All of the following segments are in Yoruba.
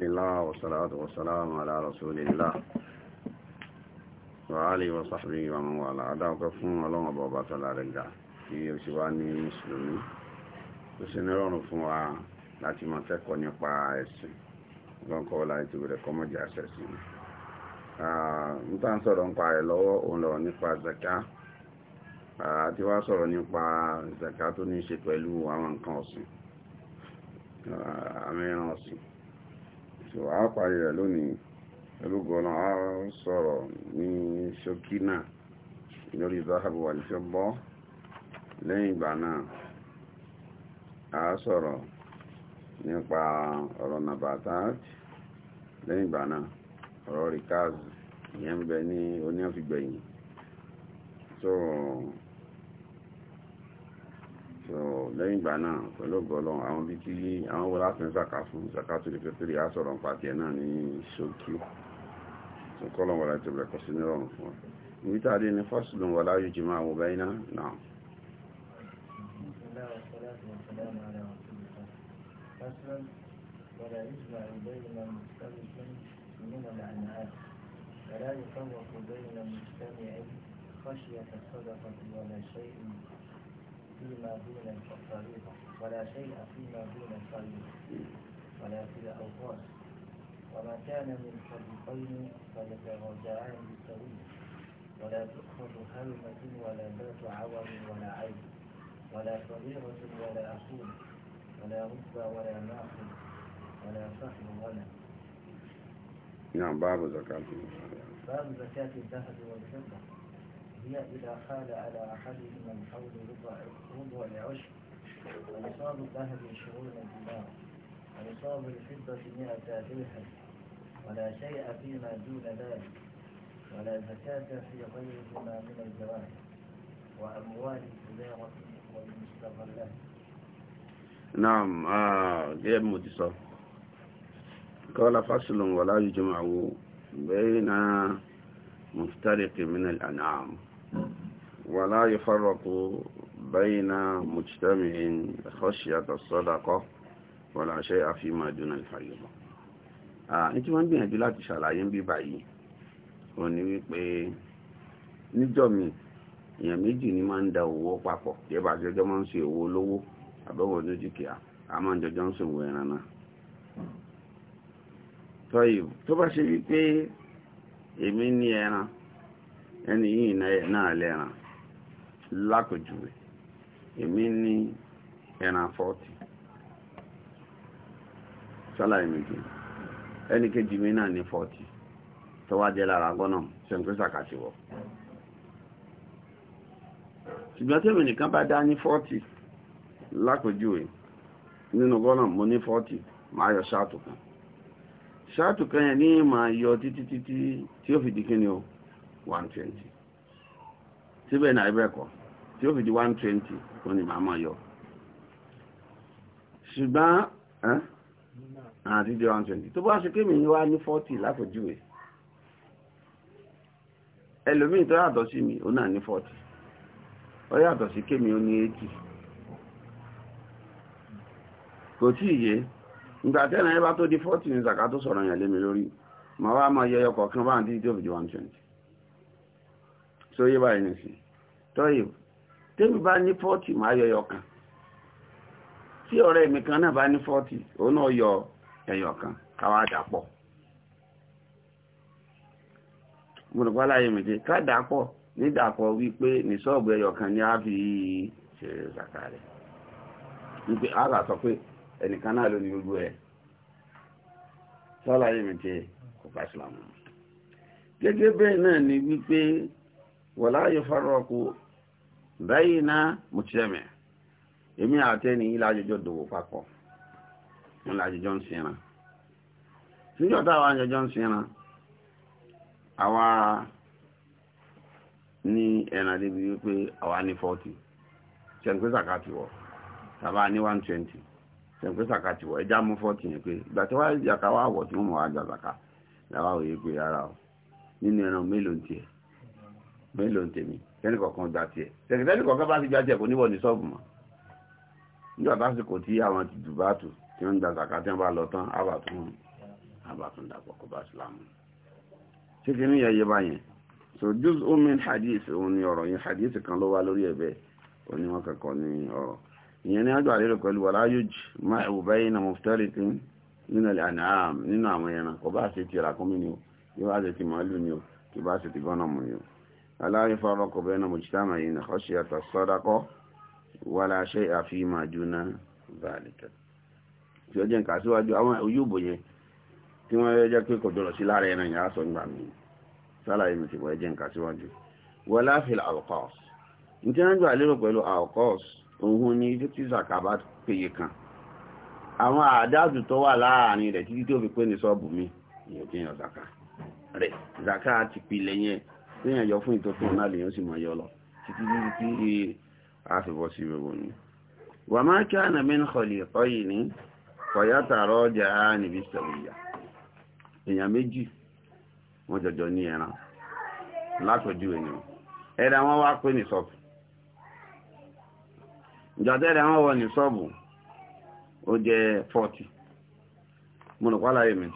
لله والصلاة والسلام على رسول الله وعلي وصحبه ومن والاه أدعو كفون ولوم أبو بطل رجع في يوشواني مسلمين وسنرون فوا láti máa kẹ́kọ̀ọ́ nípa ẹ̀sìn lọ́nkọ́ láti rẹ̀ kọ́mọ̀jì àṣẹ̀sìn ní tá ń sọ̀rọ̀ nípa rẹ̀ lọ́wọ́ òun lọ nípa zaka àti wá sọ̀rọ̀ nípa zaka tó ní ṣe pẹ̀lú àwọn nǹkan ọ̀sìn àmì ẹran ọ̀sìn so a parí rẹ̀ lónìí ẹlúgbọ́n a sọ̀rọ̀ ní ṣókí lórí zahabu wà bọ́ lẹ́yìn ìgbà a sọ̀rọ̀ nípa ọ̀rọ̀ Nabata, lẹ́yìn ìgbà náà ọ̀rọ̀ rikaz ihe ń bẹ ní so lẹ́yìn ìgbà náà pẹ̀lú ọgọ́lọ́ àwọn bí tí àwọn wọ́n láti ń sàkà fún sàkà tó lè pẹ́pẹ́rẹ́ á sọ̀rọ̀ nípa tiẹ̀ náà ní ṣókí tó kọ́lọ̀ wọ́n láti bẹ̀rẹ̀ kọ́ sí nírọ̀rùn fún wa níbi tá a dé ní fásitì wọn láyé jù máa wọ bẹ́ẹ̀ náà خشية الصدقة ولا شيء فيما دون الفريضة ولا شيء فيما دون الفريضة ولا في الأوقات وما كان من فريقين فيتراجعان بالسوية ولا تؤخذ هلمة ولا ذات عوم ولا عين ولا صغيرة ولا أخوه ولا ركبة ولا ناقل ولا فحم ولا نعم باب زكاة باب زكاة الذهب والفضة هي إذا حال على أحدهم الحول ربع ربع عشر ونصاب الذهب عشرون دينار ونصاب الفضة مئة درهم ولا شيء فيما دون ذلك ولا زكاة في غيرهما من الجواهر وأموال التجارة والمستغلة نعم آه غير متصل قال فصل ولا يجمع بين مفترق من الأنعام ولا يفرق بين مجتمع خشية الصدقة ولا شيء فيما دون الفريضة ní tí wọ́n gbìyànjú láti ṣàlàyé ń bí báyìí ò ní wípé níjọ́ mi èèyàn méjì ni máa ń da owó papọ̀ jẹ́bà jọjọ́ máa ń ṣe owó olówó àbẹ̀wò oníjìkìá a máa ń jọjọ́ ń ṣòwò ẹran náà tó bá ṣe wípé èmi ní ẹran ẹni yìí náà lẹ́ran lápèjúwe èmi ní ẹran fọ́ọ̀tì sálàyé méjì ẹnì kejì mi náà ní fọ́ọ̀tì tó wá jẹ́ lára gbọ́nà sẹ́ńkúrẹ́sà kàṣíwọ̀ ṣùgbọ́n tèmi nìkan bá dá ní fọ́ọ̀tì lápèjúwe nínú gbọ́nà mo ní fọ́ọ̀tì máa yọ ṣáàtù kan ṣáàtù kan yẹn ní máa yọ títí títí tí ó fi di kíni o 120 síbẹ̀ náà ibẹ̀ kọ́ tí ó fi di 120 ó ní màá mọ̀ yọ ṣùgbọ́n àti di 120 tó bá ṣe kémi ní wá ní 40 láfojúwe ẹlòmíì tó yàtọ̀ sí mi ó náà ní 40 ó yàtọ̀ sí kémi ó ní 80 kò tí ìyé ìgbà tẹ́nà ẹbá tó di 40 ní zaka tó sọ̀rọ̀ yẹn lé mi lórí ma wá máa yẹyọ kọ̀ọ̀kan bá ń dí tí ó fi di 120 so yé báyìí nìsí tọ́yìí tẹ́mi bá ní 40 máa yọ ẹyọ kan tí ọ̀rẹ́ mi kan náà bá ní òun náà yọ ẹyọ kan káwá dàpọ̀ gbọ́dọ̀pá láyé ká dàpọ̀ nídàpọ̀ wípé ní sọ́ọ̀bù ẹyọ kan fi rẹ̀ wípé àgbà sọ pé ẹnìkan náà ló ní gbogbo ẹ̀ sọ́ọ̀lá kò bá gẹ́gẹ́ bẹ́ẹ̀ náà ni báyìí náà mo ti rẹ̀mẹ̀ èmi àtẹ́ni ìlàjọjọ́ dòwò papọ̀ ìlàjọjọ́ ń sinra níjọ́ táwa àjọjọ́ ń sinra àwa ní ẹ̀nà débi wípé àwa ní 40 ṣẹ̀ǹpé sàkàtì wọ̀ tàbá ní 120 ṣẹ̀ǹpé sàkàtì wọ̀ ẹjá mú 40 yẹn pé ìgbà tí wáyé ìjàkà wà wọ̀ tí wọ́n mọ̀ àjà tẹ́nì kọ̀ọ̀kan gbà tiẹ̀ tẹ́nì kọ̀ọ̀kan bá ti gbà tiẹ̀ kò níwọ̀ ní sọ́ọ̀bù mọ́ nígbà tásìkò tí àwọn ti dùbà tù tí wọ́n ń da zaka tí wọ́n bá lọ tán àbà tún àbà tún dàpọ̀ kó bá sílámù ṣé kí ní yẹyẹ báyẹn so jus omen hadith òun ni ọ̀rọ̀ yẹn hadith kan ló wá lórí ẹ̀bẹ̀ òní wọn kankan ní ọ̀rọ̀ ìyẹn ni àjọ àlérò pẹ̀lú wàlá yóòj máa ẹ̀wù na mọ̀fítẹ́rìtì nínú àníhàm nínú àwọn ẹran kò bá ṣe ti mọ̀ لا يفرق بين مجتمع خشية الصدقة ولا شيء فيما دون ذلك tí ó jẹ́ nǹkan síwájú àwọn ojúbò yẹn tí wọ́n jẹ́ pé kò jọrọ̀ sí lára ẹran ìyá sọ nígbà mí sálàyé mi sì wọ́n jẹ́ nǹkan síwájú wọ́n láfil alkọ́s ní tí wọ́n gbà lérò pẹ̀lú alkọ́s òun ni títí zakaba péye téèyàn yọ fún ìtọ́kùn náà lèyàn sì mọ̀ yọ lọ títí títí tí àfibọ́ sí gbogbo ni wà máa kí ànà mí ń kọlì ẹ̀kọ́ yìí ní kọ̀yá tààrọ̀ ọjà níbi sẹ̀wìyà èèyàn méjì wọ́n jọjọ ní ẹran látọ̀jú ènìyàn ẹ̀rẹ̀ àwọn wá pé ní sọ́ọ̀bù ìjọtẹ́rẹ̀ àwọn wọ ní sọ́ọ̀bù ó jẹ́ 40 mo rò pálá èmi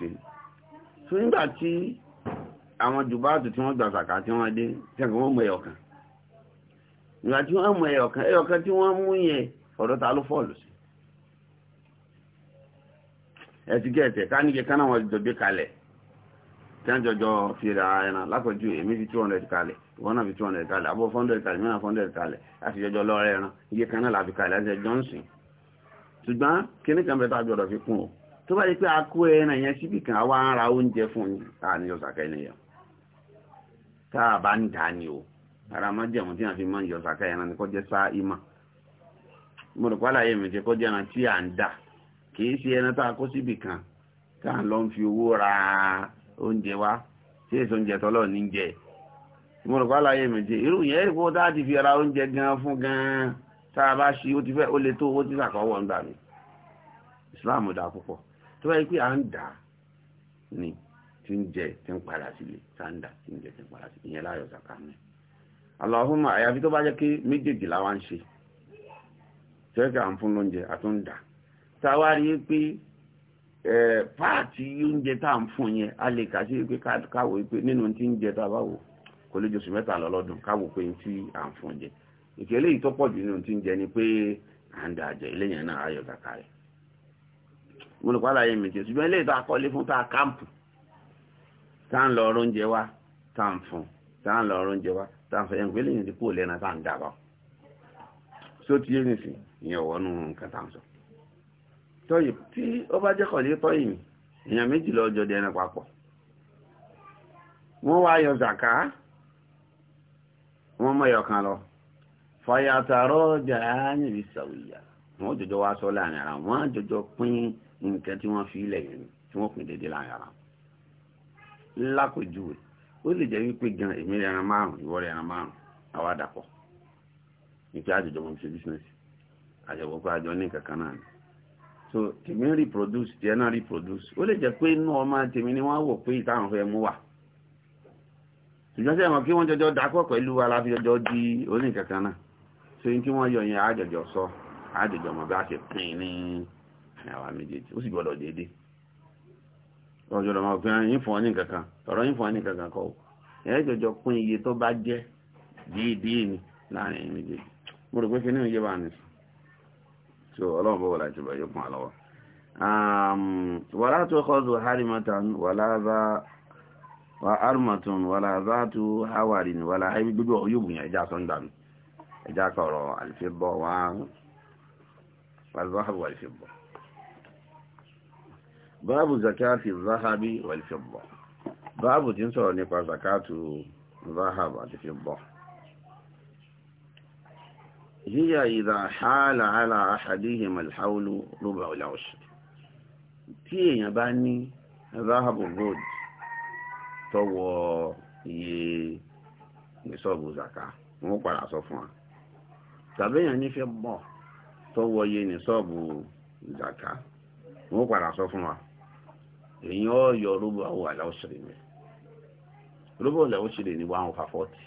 fún nígbà tí àwọn jùbáàtù tí wọ́n gbà sàkà tí wọ́n dé tẹ́kọ̀ wọ́n mú ẹyọkan ìgbà tí wọ́n mú ẹyọkan ẹyọkan tí wọ́n mú yẹn ọ̀dọ̀ ta ló fọ́ọ̀lù sí ẹ̀tígẹ́ẹ̀tẹ̀ ká níye káná wọn jọ gbé kalẹ̀ tí wọ́n jọjọ fi ra ẹran lápẹ̀jù èmi fi 200 kalẹ̀ ìwọ́n náà fi 200 kalẹ̀ abọ́ 400 kalẹ̀ mìíràn 400 kalẹ̀ láti jọjọ lọ́rẹ́ ẹran iye kaná làfi kalẹ̀ láti ẹjọ́ ń sìn ṣùgbọ́n kíní kan bẹ́ẹ̀ tàbí ọ̀dọ̀ fi kún o tó bá yẹ pé a kó ẹran yẹn síbì kan àwa ń ra oúnjẹ fún ni àníyàn sàkẹ́ ènìyàn tá a bá ń dà ní o ara máa jẹ̀mú tí a fi máa ń yọ sàkà ẹran ni kó jẹ́ sá ìmọ̀ mo rò pálá yẹn mi ti kó jẹ́ ẹran tí à ń dà kì í ṣe ẹran tá a kó síbì kan tá a lọ fi owó ra oúnjẹ wa tí èso oúnjẹ tọ́lọ̀ ní jẹ mo rò pálá yẹn mi ti irú yẹn kó tá a ti fi ra oúnjẹ gan fún gan tá a bá ṣe ó ti fẹ́ ó le tó owó tí sàkọ́wọ́ ń gbà mí Islam dà púpọ̀ tó bá yẹ pé à ń dà ni. tí ń jẹ tí ń padà sílé sáńdà tí ń jẹ tí ń padà sílé ìyẹn láyọ̀ zaka ní aláhùnmá àyàfi tó bá jẹ́ kí méjèèjì láwa ń ṣe à ń fún lóúnjẹ táwa a lè kà sí pé pé nínú tí ń jẹ tá a bá wò kò lè jọsùn mẹ́ta lọ́lọ́dún káwò pé tí à ń fún jẹ ìkẹ́lẹ́ yìí tó ni pé à ń ilé yẹn náà ayọ̀ rẹ̀ mo lè pa àlàyé ta káàmpù ta ń lọ oúnjẹ wá ta ń fún ta ń lọ oúnjẹ wá ta ń fún ẹ̀ǹkú eléyìí ti kú lẹ́nà ta ń dábà so ti yéé nìsín ìyẹn ọ̀wọ́ nù nǹkan ta ń sọ. tọ́yì tí ó bá jẹ́ kọ̀lé mi èèyàn lọ jọ dẹ̀ẹ́nà papọ̀ wọ́n wá yọ zàká wọ́n mọ̀ lọ fàyàtàrọ̀ jọjọ wá sọ láàrin ara wọ́n jọjọ pín nǹkan tí fi yẹn tí wọ́n pín láàrin ara lápèjúwe ó lè jẹ́ wípé gan èmi rẹ̀ ẹran márùn ìwọ rẹ̀ ẹran márùn àwa dàpọ̀ nípa àjọjọ mọ̀ ṣe bísínẹ́sì àjọwọ́ pé àjọ ní kankan náà ni so tèmi reproduce náà reproduce ó lè pé inú ọmọ tèmi ni wò pé mú wà ṣùgbọ́n sẹ́wọ̀n kí wọ́n jọjọ dákọ̀ so kí wọ́n yọ sọ àjọjọ ṣe pín ní àwa méjèèjì ó tọ́jọ́ lọ́mọ pé yín fún ọ ní kankan tọ́rọ yín fún ọ ní kankan kọ́ ẹ̀yẹ́ jọjọ pín iye tó bá jẹ́ díìdíì ni láàrin ẹ̀yìn méjèèjì mo rò pé kí ní ìyẹ́ bá ní so ọlọ́run bọ́ wọlé àjọba yóò pọn àlọ́wọ́ wàlá tó kọ́dù harimatan wàlá bá wa armatun wàlá bá tó hawarin wàlá ayé gbogbo yóò bùyàn ẹja sọ ń dànù ẹja kọ̀rọ̀ àlìfẹ́ bọ̀ wá wàlúwàhàbù àlìfẹ́ bọ̀ báàbù zakati zahabi wal fidda báàbù tí ń sọ̀rọ̀ nípa zakatu zahab àti fidda hiya idha hala ala ahadihim alhawlu rubu al-ushr tí èèyàn bá ní zahabu gold tọwọ́ iye nisọ́bù zaka wọ́n padà sọ fún wa tàbíyàn ní fẹ́ bọ̀ tọwọ́ iye nisọ́bù zaka wọ́n padà sọ fún wa èyí ó yọ rúbù àwọn aláwọ̀ṣẹ̀rẹ̀ mi rúbù aláwọ̀ṣẹ̀rẹ̀ ni one over forty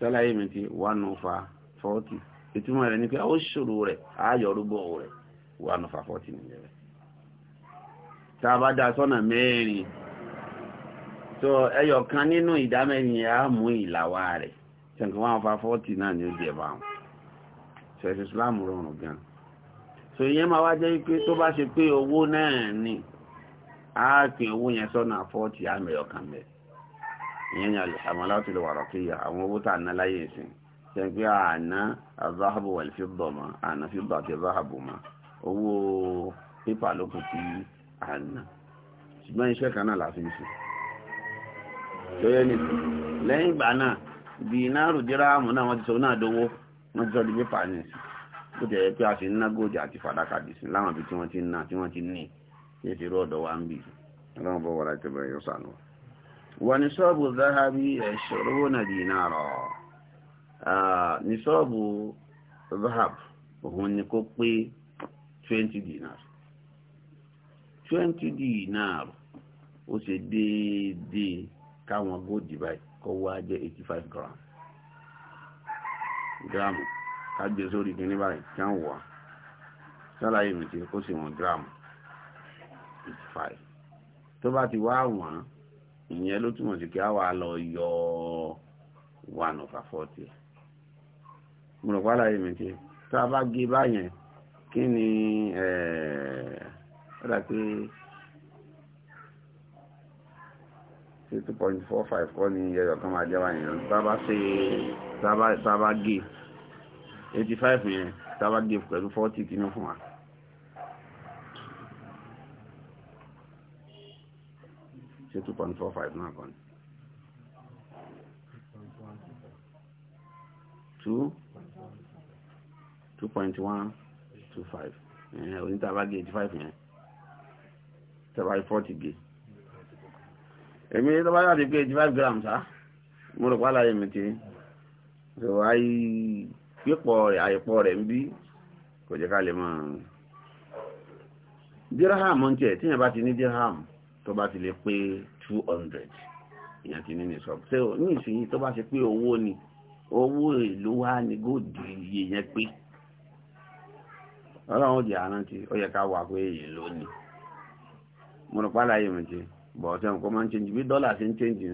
sálàyé mi ti one over forty ìtumọ̀ rẹ̀ ni pé ṣòro rẹ á yọ rúbù one over forty nìyẹn rẹ̀ tá a bá dá sọ́nà mẹ́rin so ẹyọ kan nínú ìdá yẹn á gan so ìyẹn máa wá jẹ́ pé tó bá ṣe pé owó náà ni a pè owó yẹn sọ́nà fọ́ọ̀tì àmìlẹ̀ ọ̀kan bẹ̀ ìyẹn ni àmọ́ láti lè wàrọ̀ kéyà àwọn owó tà ná láyé ìsìn ṣe pé àná azahabu wà fi bọ̀ mọ́ àná fi bọ̀ àti azahabu mọ́ owó pépà ló kù sí àná ṣùgbọ́n iṣẹ́ kan náà láti ṣe tó nìkan lẹ́yìn ìgbà náà bí náà rùdíráàmù náà wọ́n ti sọ náà dówó wọ́n ti sọ ó jẹ́ pé a ṣe ń ná àti fàdákà dì láwọn ibi tí wọ́n ti ń ná tí wọ́n ti ní kí èsì rú ọ̀dọ̀ wa ń bì ọlọ́run bọ́ wọlé yóò ní sọ́ọ̀bù náà rọ̀ ní sọ́ọ̀bù òun dinar 20 dinar ó ṣe déédéé káwọn góòdì báyìí wá jẹ́ 85 gram gramu ká gbé sórí kí ní báyìí kí wọ́n wà sálàyé mi ti kó sí wọn gíráàmù fifty five tó bá ti wá wọ́n ìyẹn ló túmọ̀ sí kí á wà lọ yọ one over forty mo rò pálá yìí mi ti tá a bá gé báyẹn kí ni eh, ó dà pé two point four five kọ́ ni ẹyọ kan máa jẹ́ báyẹn tá a bá ṣe tá a bá gé eighty five yẹn tábà gé pẹ̀lú forty kìíní fún wa. ṣé two point four five náà kàn ní. two two point one two five ẹ̀hìn onítàbá gé eighty five yẹn tẹ́bà forty gé. èmi tó bá yàtọ̀ pé eighty five grams ah mo rò pàlàyé mi ti so i. pípọ̀ rẹ̀ àìpọ̀ rẹ̀ ń bí kò jẹ́ ká lè dirham ń tiẹ̀ tíyẹn bá ti ní dirham tó bá ti lè pé 200 hundred ti ní ní sọ pé ní ìsinyìí tó bá ṣe pé owó ni owó wa ni góòdù iye yẹn pé ọlọ́run jẹ́ àrántí ó yẹ ká wà pé èyí lónìí mo rò pálá yìí mọ̀jẹ́ bọ̀ ọ̀tẹ́ nǹkan máa ń change bí dọ́là ṣe change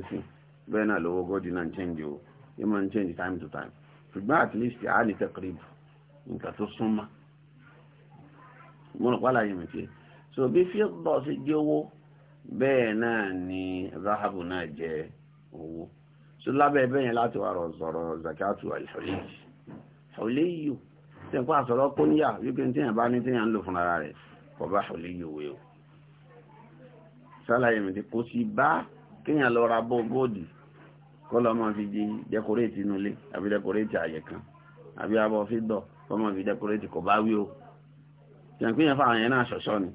o máa ń change time ṣùgbọ́n at least a lè tẹ́kìrìbù nǹkan tó súnmọ́ mọ́nà pàlà yìí mẹ́tẹ́ so bí fíọ́dọ̀ sí jẹ́ owó bẹ́ẹ̀ náà ni zahabu náà jẹ́ owó so lábẹ́ bẹ́ẹ̀ yẹn láti wà rọ̀ sọ̀rọ̀ zakatu alhulẹ́yì hulẹ́yì tẹ̀ ń pa àsọ̀rọ̀ kóníyà wípé tíyàn bá ní tíyàn ń lò fúnra rẹ̀ kò bá hulẹ́yì òwe o sálàyé mẹ́tẹ́ kò sì bá kéèyàn lọ ra bó kọ́lọ́ máa fi di dẹkọréètì inú ilé àbí dẹkọréètì àyè kan àbí abọ́ fi dọ̀ kọ́ máa fi dẹkọréètì kò bá wí o ṣàǹkú yẹn fáwọn yẹn náà ṣọ̀ṣọ́ ni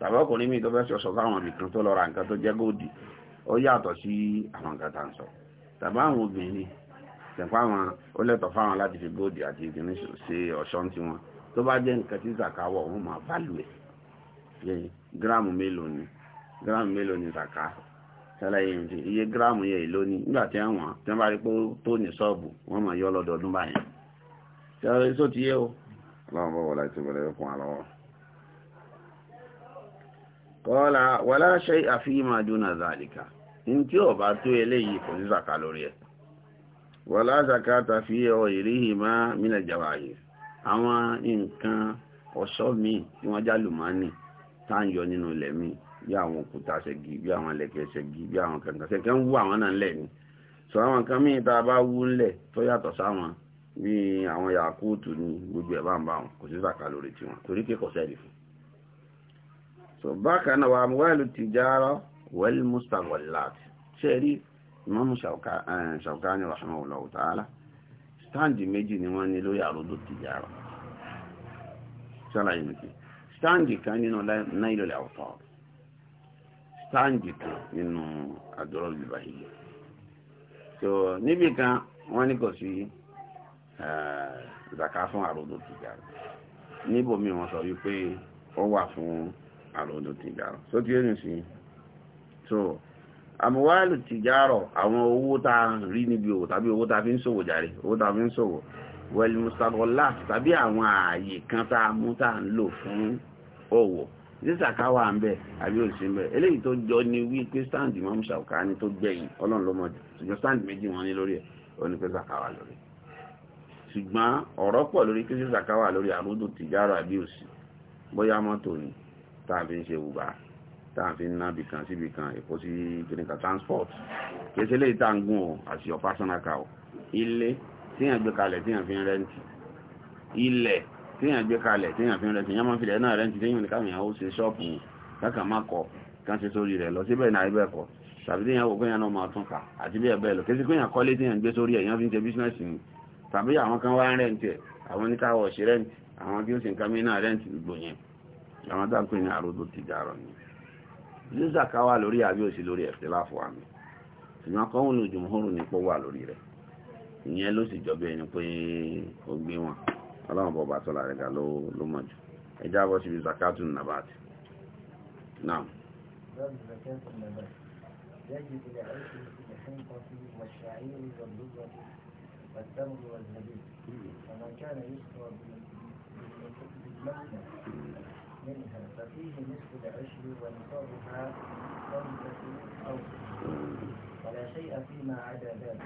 tàbí ọkùnrin mi tó fẹ́ ṣọ̀ṣọ́ fáwọn ibìkan tó lọ ra nǹkan tó jẹ́ góòdì ó yàtọ̀ sí àwọn nǹkan tá à ń sọ tàbí àwọn obìnrin ṣàǹkú àwọn ó lẹ́tọ̀ fáwọn láti fi góòdì àti ìgbìnrin ṣe ọ̀ṣọ́ zaka ṣàlàyé iye gíráàmù yẹ èlò ni nígbà tí wọ́n bá rí pé tó ní ṣọ́ọ̀bù wọ́n máa yọ ti yé o ọlọ́run bọ́ wọlé tó bẹ̀rẹ̀ fún àlọ́wọ́ kọ́lá wàlá ṣe àfihàn àdúnà zàlìkà ní tí ò tó eléyìí kò sí zàkà lórí ẹ̀ wàlá zàkà tàfi ọ ìríhì má mílẹ̀ jàwáyé àwọn nǹkan ọ̀ṣọ́ tí wọ́n bí àwọn òkúta ṣẹ́gi bí àwọn ẹlẹ́kẹ̀ ṣẹ́gi bí àwọn kankan ṣẹ́kẹ́ ń wú àwọn náà ńlẹ̀ ni sọ àwọn kan míì tá a bá wú ńlẹ̀ tó yàtọ̀ sáwọn bí àwọn yakutu ní gbogbo ẹ̀ bá ń bá wọn kò sí sàkà lórí tiwọn torí pé kò sẹ́ẹ̀lì fún. sọ bákan náà wà amwalu tijara wal mustaghallat ṣe rí Imam eh, Shawkani rahimahullahu ta'ala stáǹdì méjì ni wọ́n ní lórí àròdò tijara ṣàlàyé mi kí stáǹdì kan nínú náírà àwùtọ́ sáǹjì kan nínú àdúrà ìbáyìí so níbi kan wọ́n ní kò sí eh, zaka fún àròdò tìjára níbòmí wọ́n sọ wípé ó wà fún àròdò tìjára so tí ó ní sí so àmúwáàlù tìjárọ̀ àwọn owó tá rí níbi òwò tàbí owó tá fi ń ṣòwò jàre owó tá fi ń ṣòwò wẹ̀lì tàbí àwọn ààyè kan tá mú tá ń lò fún òwò sísàká wà ń bẹ àbí òsì ń bẹ eléyìí tó jọ ni wípé stand Imam Shawkani tó gbẹ̀yìn ọlọ́run ló mọ̀ jù ṣùgbọ́n stand méjì wọn ní lórí ẹ̀ ó ní pé sàká wà lórí ṣùgbọ́n ọ̀rọ̀ pọ̀ lórí pé sísàká lórí àrùdù tìjára àbí òsì bóyá mọ́tò ni tá a fi ń ṣe wùbá tá a fi ń nábì kan síbi kan èkó sí kìnìkà transport kì í ṣe léyìí tá à ń gùn o àti your personal car o ilé tíyàn gbé kalẹ̀ tíyàn fi ń rẹ́ǹtì ilẹ̀ téèyàn gbé kalẹ̀ téèyàn fi rẹ̀ téèyàn máa fi rẹ̀ náà rẹ̀ ti téèyàn ní káwọn ìyàwó ṣe ṣọ́ọ̀pù kọ kán ṣe sórí rẹ̀ lọ síbẹ̀ náà ibẹ̀ tàbí wò náà máa tún kà àti lọ kí kọ́lé gbé sórí ẹ̀yàn fi ń ṣe bísínẹ́sì ni tàbí àwọn kan wá ń ẹ̀ àwọn oníkàwọ̀ ṣe àwọn tí ó sì ń kamí náà rẹ̀ǹtì gbogbo yẹn àwọn dáńpé ní àròdó ti ni ọlọ́run bọ̀ bàtọ́ láàrin ga ló mọ̀ jù ẹjá bọ́ síbi zakatu nàbàtì náà يجب العيش بالحنطة والشعير والبذرة والتمر والزبيب فما كان يسقى بالمكنة منها ففيه نصف العشر ونصابها خمسة أوسط ولا شيء فيما عدا ذلك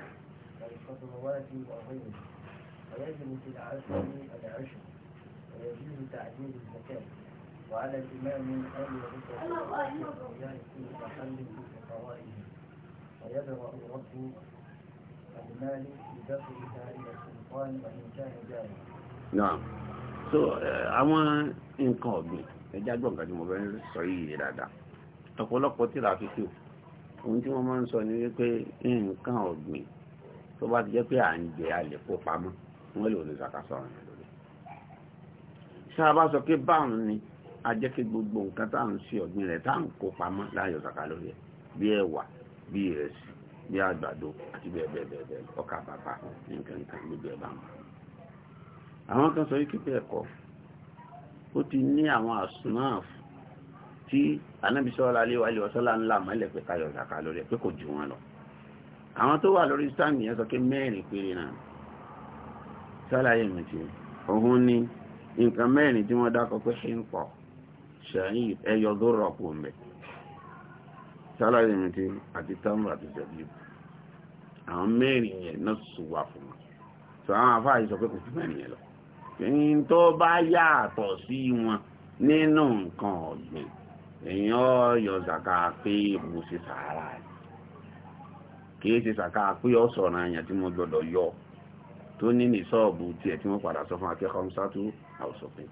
كالخضروات وغيره ويجب في العشر العشر ويجوز تعديل الزكاة وعلى الإمام أن يرد في محل بفوائده ويبرأ رد المال بدفعها إلى السلطان وإن كان جاهلا. نعم. so àwọn nǹkan ọ̀gbìn ẹja gbọ́ nǹkan tí mo bẹ́ẹ̀ sọ yìí yé dáadáa ọ̀pọ̀lọpọ̀ tí ra fífi ohun tí wọ́n máa ń sọ ni wípé nǹkan ọ̀gbìn tó bá ti jẹ́ pé à ń jẹ alẹ́ kó pamọ́ wọ́n lè ní zakasa wọn lórí ṣe a bá sọ pé báwọn ni a jẹ́ kí gbogbo nǹkan tá ń ṣe ọ̀gbìn rẹ̀ tá ń kó pamọ́ láyọ̀ zaka lórí ẹ̀ bí ẹ̀wà bí ìrẹsì bí àgbàdo àti bẹ́ẹ̀ bẹ́ẹ̀ bẹ́ẹ̀ bẹ́ẹ̀ ọkà bàbà nǹkan nǹkan gbogbo ẹ̀ bá wọn. àwọn kan sọ wípé ẹ̀kọ́ ó ti ní àwọn àsunáàf tí anábìsọ́lá aléwà ilé ọ̀sọ́lá ńlá mọ́lẹ̀ pé káyọ̀ zaka lórí ẹ̀ pé kò jù wọn lọ àwọn tó wà lórí sáàmì yẹn sọ pé mẹ́rin péré náà sálàyé mi ti òun ni nǹkan mẹ́rin tí wọ́n dákọ̀ pé ṣe ń pọ̀ ṣàyìn ẹyọ tó rọ̀pù mẹ́ sálàyé mi ti àti tamra àti zẹ̀bí àwọn mẹ́rin yẹn náà sùn wà fún wọn sọ àwọn afáà yìí sọ pé kò sí mẹ́rin yẹn lọ ẹ̀yìn tó bá yàtọ̀ sí wọn nínú nǹkan ọ̀gbìn èyàn ọ̀yọ̀ zàkà pé mo ṣe sàárà kì í ṣe zàkà pé ọ̀sọ̀rọ̀ àyàn tí mo gbọ́dọ̀ yọ tó ní ní sọ́ọ̀bù tiẹ̀ tí wọ́n padà sọ fún akẹ́kọ̀ọ́ sátú àwòsọ̀fin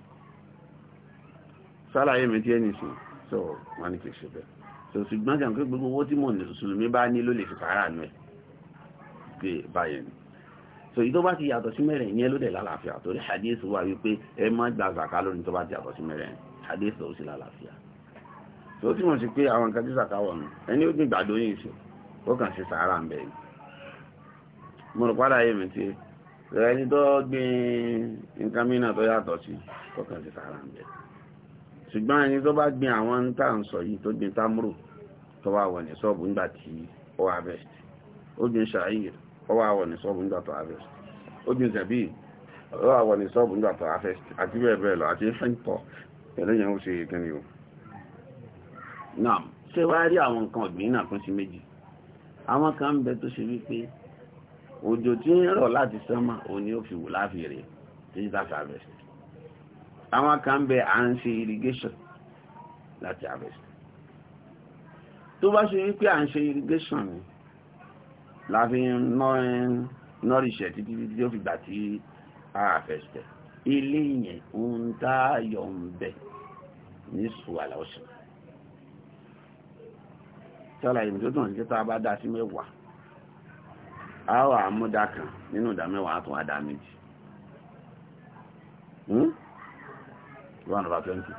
sálàyé mi tí ẹni sùn sọ wọn ni kìí ṣe bẹ́ẹ̀ so ṣùgbọ́n jàn pé gbogbo owó tí mò ní mùsùlùmí bá ní ló lè fi sàárà nù ẹ̀ pé báyẹn ni so ìtọ́ bá ti yàtọ̀ sí mẹ́rẹ̀ ìyẹn ló dẹ̀ lálàáfíà torí hadith wà wípé ẹ má gba zàká lónìí tó bá ti yàtọ̀ sí mẹ́rẹ̀ hadith ò sí lálàáfíà so ó túmọ̀ sí pé àwọn nǹkan tí zàká wọ̀ nù ẹni ó gbìn gbàdó yìí sùn ó kàn ṣe sàárà ń bẹ̀ ni mo rò padà yé mi ti ẹni tó gbin nǹkan mìíràn tó yàtọ̀ sí kọkàn sí tààrà ń bẹ ṣùgbọ́n ẹni tó bá gbin àwọn ń tà ń sọ yìí tó gbin támúrò tó wà wọ̀ ní sọ́ọ̀bù ńgbà tí ó harvest ó gbin ṣàyíyà ó wà wọ̀ ní sọ́ọ̀bù ńgbà tó harvest ó gbin zẹ̀bí ó wà wọ̀ ní sọ́ọ̀bù ńgbà tó harvest àti bẹ́ẹ̀ bẹ́ẹ̀ lọ àti fẹ́ǹtọ̀ pẹ̀lú yẹn ó ṣe kíni o. náà ṣé wàá rí àwọn nǹkan ọ̀gbìn náà kún sí méjì àwọn kan ń bẹ tó ṣe wípé òjò tí ń rọ̀ láti sánmà òun ni ó fi wù láfìrè digital harvest àwọn kan bẹ à ń ṣe irrigation láti harvest tó bá ṣe wípé à ń ṣe irrigation ni la fi nọ́rìṣẹ̀ títí títí ó fi gbà tí a harvestẹ̀ ilé yẹn ń tá yọ ń bẹ ní sùwàlà ọ̀sán tọ́lá ìmùtótó ń jẹ́ tá a bá dá sí mẹ́wàá àwọ̀ àmúdá kan nínú ìdá mẹ́wàá àtún àdá méjì one over twenty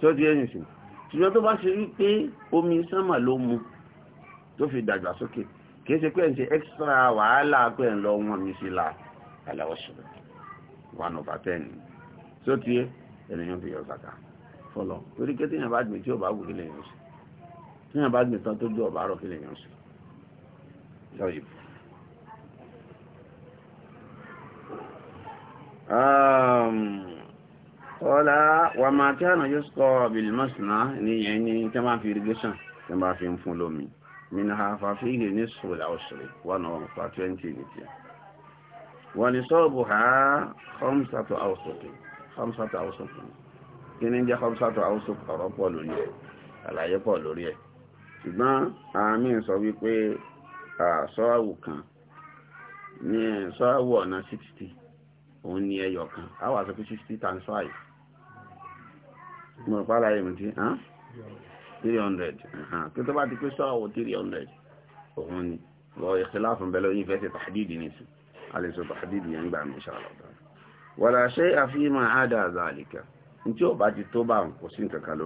ṣó ti ẹ̀yìn sí ṣùgbọ́n tó bá ṣe rí pé omi sánmà ló mu tó fi dàgbà sókè kìí ṣe pé ṣe extra wàhálà pé ẹ̀ ń lọ wọn mi sí la àlàó ṣùgbọ́n one over ten ṣó ti ẹ̀ ènìyàn fi yọ ṣàkà fọlọ torí kí tí yẹn bá gbìn tí ò bá wù kí lè yàn sí tí yẹn bá gbìn tán tó dé ọ̀bá rọ̀ kí lè yàn sí. طيب آم قال وما كان يسقى بالمسنى ni yani kama fi irrigation kama fi fún lómi منها ففيه نصف العشر ونوع فاتوينتي نتيا ونصابها خمسة أوسط خمسة أوسط kíní jẹ́ kọ́msátọ̀ àwọ́sùn ọ̀rọ̀ pọ̀ lórí ẹ̀ àlàyé pọ̀ lórí ẹ̀ ṣùgbọ́n àmì sọ wípé sọ́ráwù kan ní ọ̀nà 60 òun ni ẹyọ kan a wà sọ pé 60 times 5 mọ̀ pàlá tí 300 kí tó bá ti pé sọ́ráwù 300 òun ni lọ ìṣẹ́lá fún bẹ́lẹ̀ yìí fẹ́ sí tàdídì nìsí a lè sọ tàdídì yẹn gbà mí ṣàlọ́ wà láṣẹ́ àfihàn àdá zàlìkà tí ó bá ti tó bá kò sí a kan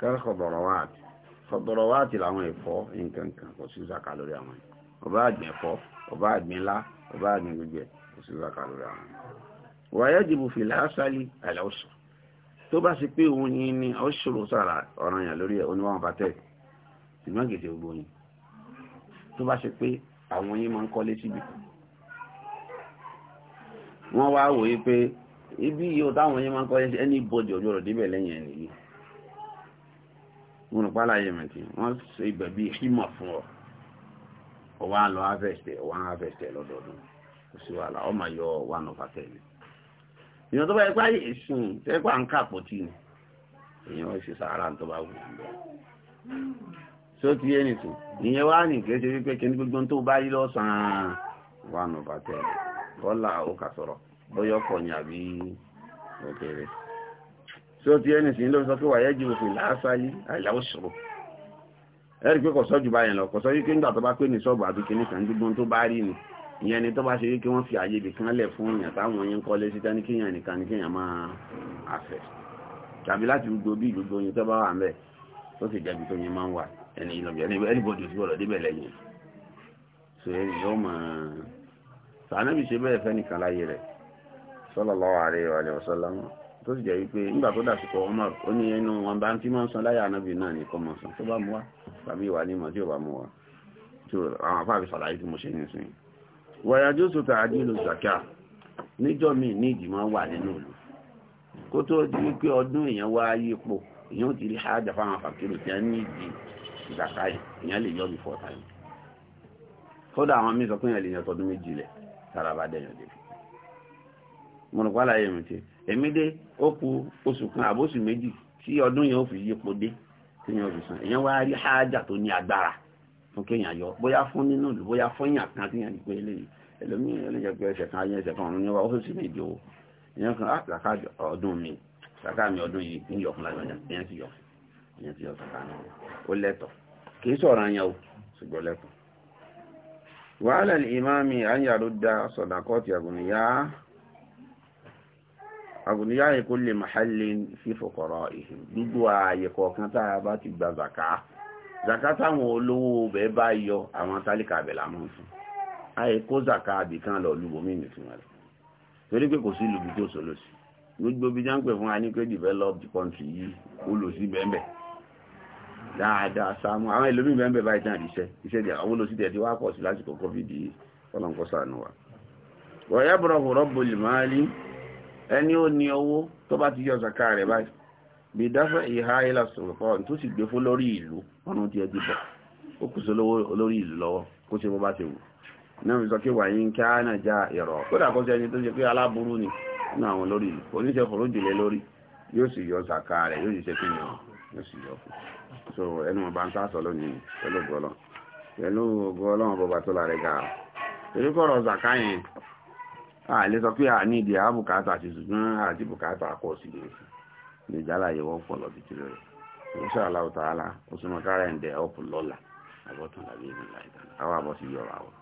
kẹ́rẹ́ kọ̀dọ̀rọ̀wáàtì kọ̀dọ̀rọ̀wáàtì làwọn ẹ̀fọ́ nǹkan kan kò sí zaka lórí àwọn yìí ọba àgbìn ẹ̀fọ́ ọba àgbìn ńlá ọba àgbìn gbogbo ẹ̀ kò sí zaka lórí àwọn yìí. wàyẹ̀ dìbò fìlà ásálì àlẹ́ ọ̀sùn tó bá sì pé òun yìí ni ó ṣòro sára ọ̀ràn yàn lórí ẹ̀ oníwàwọn bàtẹ́ ṣùgbọ́n gèdè gbogbo yìí tó bá sì pé àwọn yìí máa ń kọ́lé síbi wọ́n wá wòye pé ibi yìí ó táwọn yìí máa ń kọ́lé sí ẹni ọjọ́ rẹ̀ débẹ̀ lẹ́yìn ẹ̀ nìyí wọn lọ pàlà yẹ mẹ́tí wọ́n sọ ìgbẹ̀ bí ìmọ̀ fún ọ ọwá lọ harvest ọwá harvest lọ́dọọdún kò sí wàhálà ọmọ yọ wà nọ fàtẹ́ ni ìyàn tó bá yẹ páyé ìsìn tẹ́pà ń kà pọ̀ tí ni èèyàn ó sì sàárà tó bá wù ú só ti yé nìtò ìyẹn wá ní kìí ṣe wípé kíní gbogbo tó bá yí lọ́sàn-án wà nọ fàtẹ́ tí ó ti ẹni sí ló sọ pé wàyẹ́ jù òfin láásálí àìláwó ṣòro ẹ̀rí pé kò sọ jù báyẹn lọ kò sọ wípé nígbà tó bá pé ní sọ́ọ̀bù àbí kìíní kan dúgbọ́n tó bá rí ni ìyẹn ni tó bá ṣe wípé wọ́n fi àyè ibì kan lẹ̀ fún èèyàn táwọn yẹn ń kọ́lé sí tání kéèyàn nìkan ni kéèyàn máa àfẹ́ tàbí láti gbogbo bí gbogbo yẹn tó bá wà ńbẹ̀ tó sì jẹ́bi tó yẹn máa ń wà ẹni ìlọ̀bì ẹni ẹni bọ́dù sí bọ̀dọ̀ débẹ̀ lẹ́yìn so ẹni yóò máa sànẹ́bì ṣe bẹ́ẹ̀ fẹ́ nìkan láyé rẹ̀ sallallahu tó sì jẹ́ wípé nígbà tó dàsìkò ọmọ ó ní inú wọn bá ń tí mọ́ ń san láyà anábì náà ní kọ́ mọ̀ san tó bá mú wá tàbí ìwà ní mọ̀ tí ò bá mú wá tí àwọn afáàfi sàlàyé tí mo ṣe ní sin wàyájú sọta àdínlò zaka níjọ́ mi ní ìdìmọ̀ wà nínú ìlú kó tó di wípé ọdún èèyàn wá yípo èèyàn ti rí hájà fáwọn fàkìrì tí wọ́n ní ìdí zaka yìí èèyàn lè yọ bí fọ́ tàyè kódà àwọn mí sọ pé èèyàn lè yan tọdún méjì lẹ̀ tára bá débi mo rò pálá mi ti èmi dé ó ku oṣù kan àbóṣù méjì tí ọdún yẹn ó fi yípo dé tí yẹn ó fi san èèyàn wá rí hájà tó ní agbára fún kéèyàn yọ bóyá fún nínú ìlú bóyá fún èèyàn kan tí yẹn ní pé eléyìí ẹlòmíì ẹlẹ́jẹ̀ pé ẹsẹ̀ kan ayé ẹsẹ̀ kan ọ̀run níwá ó sì méjì owó èèyàn kan ah, àkàkà ọdún mi sàkà mi ọdún yìí ń yọ fún lágbàjá èèyàn sì yọ èèyàn sì yọ sàkà mi ó lẹ́tọ̀ kì í sọ̀rọ̀ àyàn o ṣùgbọ́n lẹ́tọ̀ wàhálà ìmáàmì àyàrúdà sọ̀dàkọ́tì àgùnìyá àgùnìyá yìí kó lè màhálì sí fòkọ̀rọ̀ ìhìn gbogbo ààyè kọ̀ọ̀kan tá a bá ti gba zaka zaka táwọn olówó bẹ̀ bá yọ àwọn tálíkà bẹ̀ lámọ́ fún ààyè kó zaka àbìkan lọ lùbọ̀mí nìtúmọ̀ rẹ̀ torí pé kò sí lùbí tó sọ lọ́sí gbogbo bí jáǹpẹ̀ fún wa ní pé developed country yìí ó lò sí bẹ́ẹ̀ dáadáa sáàmù àwọn ìlú mìíràn bẹ́ẹ̀ báyìí náà iṣẹ́ iṣẹ́ jẹ́ àwọn olóṣìṣẹ́ tẹ̀ wá pọ̀ sí lásìkò covid yìí ọlọ́nkọ́sà nù wa. wọ́n yá bọ̀rọ̀ hùrọ̀ bọ̀lì ẹni ó ní owó tó bá ti yọ zaka rẹ̀ báyìí bí dáfẹ́ ìhá ilà sọ̀rọ̀kọ́ tó sì gbé fún lórí ìlú ọ̀nà tí ẹ ti bọ̀ ó kù sí olórí ìlú lọ́wọ́ kó ṣe bó bá ṣe wù náà sọ pé wàyí ń kíá náà já ìrọ̀ kódà kó ṣe ẹni tó ṣe pé aláburú ni nínú àwọn lórí ìlú oníṣẹ́ fòrójìlẹ̀ lórí yóò sì yọ zaka rẹ̀ yóò sì ṣe kí ni yóò sì yọ fún so ẹnu ọba ń sáàsọ lónìí pẹ̀lú ògbọ́lọ́ pẹ̀lú ògbọ́lọ́ ọba tó lára ga torí kọ̀rọ̀ zaka yẹn a sọ pé a ní ìdí àbùkátà ti ṣùgbọ́n àti bùkátà pọ̀ sí i ní ìjálá yẹwọ́ pọ̀ bí tirẹ̀ insha Allah ta'ala ó súnmọ́ kára ẹ̀ ń lọ́la àbọ̀tún tàbí ìlú láìta àwọn àbọ̀ sí yọ̀rọ̀ àwọn